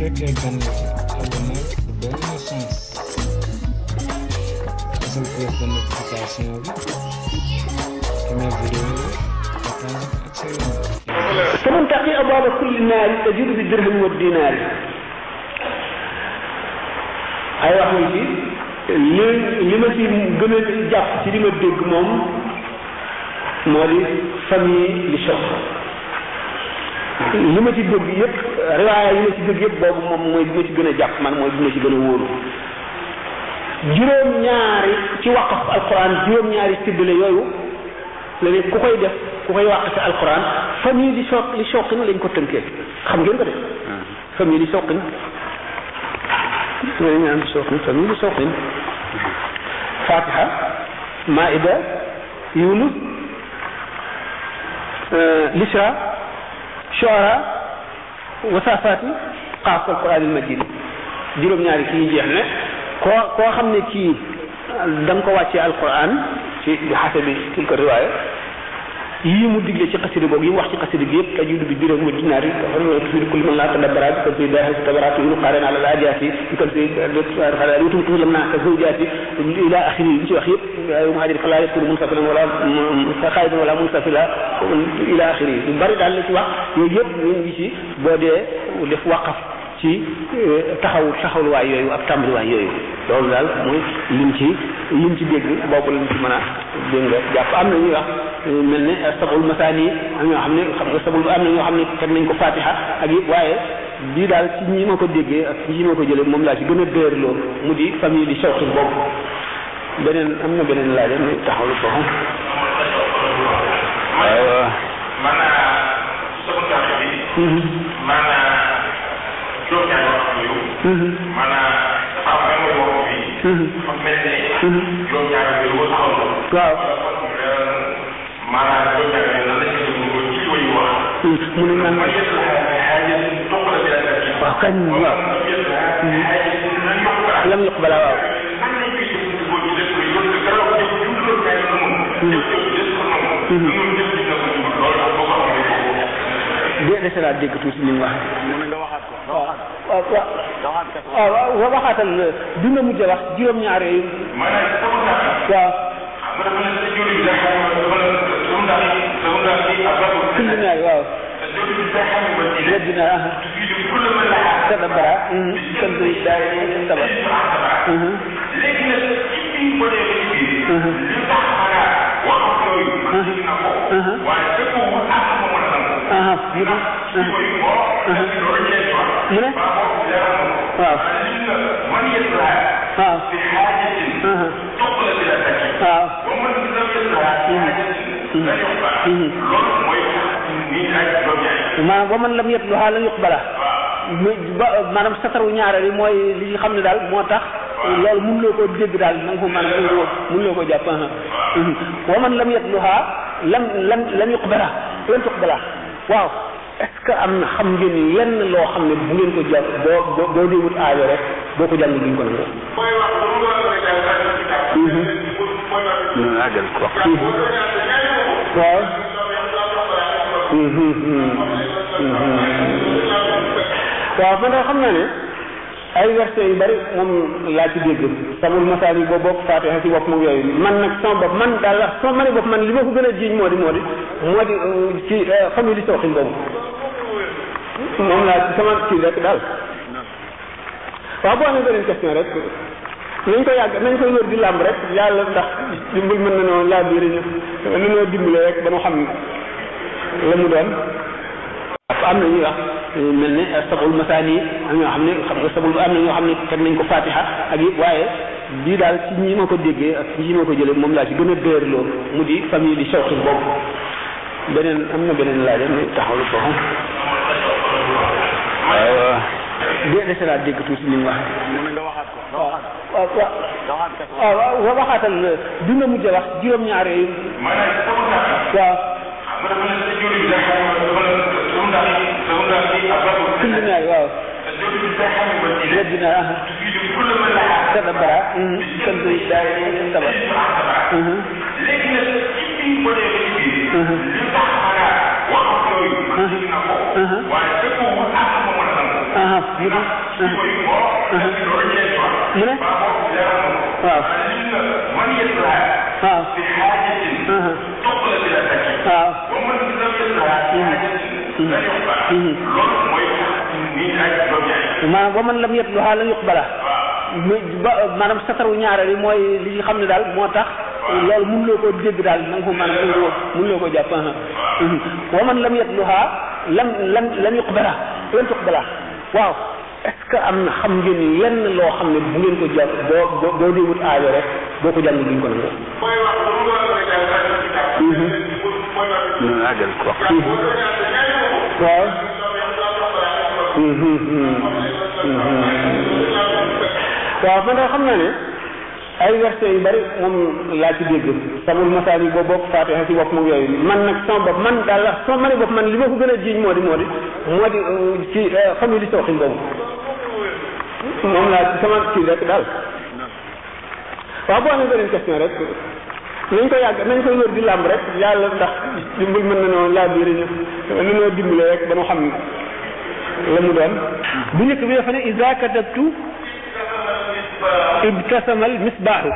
الشكل البناتي حولناه بالنصوص لازم القياس ديال القطع شنو هو كما الفيديو فننتقي أبواب كل مال تجد بالدرهم والدينار أي واحد ni ci ما في جنة ci gën a jàpp ci li فمي لشخص moom moo di famille riwaaya yi ma ci dégg yëpp boobu moom mooy bi ma ci gën a jàpp man mooy bi ma ci gën a wóoru juróom-ñaari ci waqaf alquran juróom-ñaari tiddale yooyu la ne ku koy def ku koy wàq ci famille di soq li soqin lañ ko tënkee xam ngeen ko de famille soqin famille soqin fatiha maida yunus lisra euh, wasaafaati xaaf al quraan al majid juróom-ñaari kii jeex na koo koo xam ne kii da nga ko wàccee alquran ci bi xase bi tilka riwaaya yi mu digle ci xasida boobu yi mu wax ci xasida gi yëpp tajudu bi dirham wa dinaar yi xam nga fi kul man la tadabbara bi kan sayda has tabarat yu qaran ala alajati bi kan sayda al khala yu tum lam na ka zawjati ila akhiri yi ci wax yëpp ayu muhajir fala yakun munsafilan wala khaybun wala munsafila ila akhiri yu bari daal la ci wax yooyu yëpp ñu ngi ci boo dee def waqaf ci eh, taxaw taxawluwaay yooyu ak tàmbaliwaay yooyu loolu daal mooy lim ci lim ci dégg boobu lañ ci mën a dégg nga jàpp am na ñu wax eh, mel ne eh, sabul masaani am ñoo xam ne xam nga sabul am na ñoo xam ne teg nañ ko fatiha ak yëpp waaye bii daal ci ñi ma ko déggee ak ñi ma ko jële moom laa ci gën a dër loolu mu di famille di sawtu boobu beneen am na beneen laaj am na taxawlu foofu waaw mm-hmm. waaw mu ne man waaw kañ waaw lam yokk bala waaw Mm-hmm. dese naa dégg tuuti li mu wax. mën nga waxaat ko. waaw waaw waaw. waaw waaw waxaatal du nga mujj wax juróom-ñaar yooyu. maanaam sama ndax. waaw. ma ne ma ne sa jur yi dafa dafa sama ndax sama ndax yi ak rabu. kii naa waaw. sa jur yi dafa xam nga ci. wedd naa ah. تدبرا تنزل تبر léegi nag ci biir boo demee ci biir. li tax xanaa wax yooyu. waaye dëkk wu ànd اها اها اها اها اها اها اها اها اها اها ومن ومن لم يتلوها لن يقبلها ما نعم ستروا نيارة لي موي لي خمنا دال موتاخ لول مولو كو ديغ دال نانكو مان مولو مولو كو جاب ومن لم يتلوها لم لم لم يقبلها لن تقبلها waaw est-ce que am na xam ngeen lenn loo xam ne bu ngeen ko jàng boo boo dee wut aajo rek boo ko jàng duñ ko nangu. mu rek daal daal di tàggat. mën naa jël ko. waaw. waaw man de xam naa ne. ay verset yu bari moom laa ci dégg samul masaal yi boo bokk faatiha ci bopp moom yooyu man nag sama bopp man daal wax sama mari bopp man li ma ko gën a jiiñ moo di moo di moo di euh, ci euh, famille li sooxin boobu moom laa sama kii rek daal waaw boo amee beneen question rek nañ ko yàgg nañ koy wër di làmb rek yàlla ndax dimbal mën na noo laa biir ñu nanoo dimbale la mu doon mel ni sabul masaani ak ñoo xam ne sabul am na ñoo xam ne teg nañ ko fatiha ak yëpp waaye lii daal ci ñi ma ko déggee ak ci ñi ma ko jëlee moom laa ci gën a déerloo mu di famille di Shawqi boobu beneen am na beneen laaj am taxawlu foofu waaw dé desalaat dégg tuuti li mu wax waaw waaw waxaatal bi mujj wax juróom-ñaar yooyu kulli naar waaw. dégg naa Sadabara. sant yi daal di sabar. léegi nag ci biir modèle bi. li tax na wax yooyu. waaye dëkk bu àgg ko mën a am. mu ne. Mhm. mu ne. waaw. waaw. Mhm. waaw. waaw. Mhm. maanaam wa man lam yatluha lam yuqbala maanaam safaru ñaareel bi mooy li nga xam ne daal moo tax loolu mun loo koo dégg daal na nga ko maanaam mun loo mun loo koo jàpp wa man lam yatluha lam lam lam yuqbala lam tuqbala waaw est ce que am na xam ngeen lenn loo xam ne bu ngeen ko jàng boo boo dee wut aajo rek boo ko jàng duñ ko nangu. mooy wax bu mu doon rek daal mooy wax. ñu àggal ko. waaw. Hmm, hmm, hmm, waaw man xam naa ne ay verset yu bari moom laa ci dégg sabul masaal yi boo bokk faatiha ci bopp moom yooyu man nag sama bopp man daal la mani bopp man li ma ko gën a jiiñ moo di moo di moo di uh, ci xam yi di sooxin boobu moom laa ci sama kii rek daal waaw boo amee beneen question rek nañ ko yàgg nañ koy wër di làmb rek yàlla ndax dimbal mën na noo laa biir ñu nanoo dimbale rek ba mu xam la mu doon bu njëkk bi dafa ne iza katabtu ibtasamal misbaahu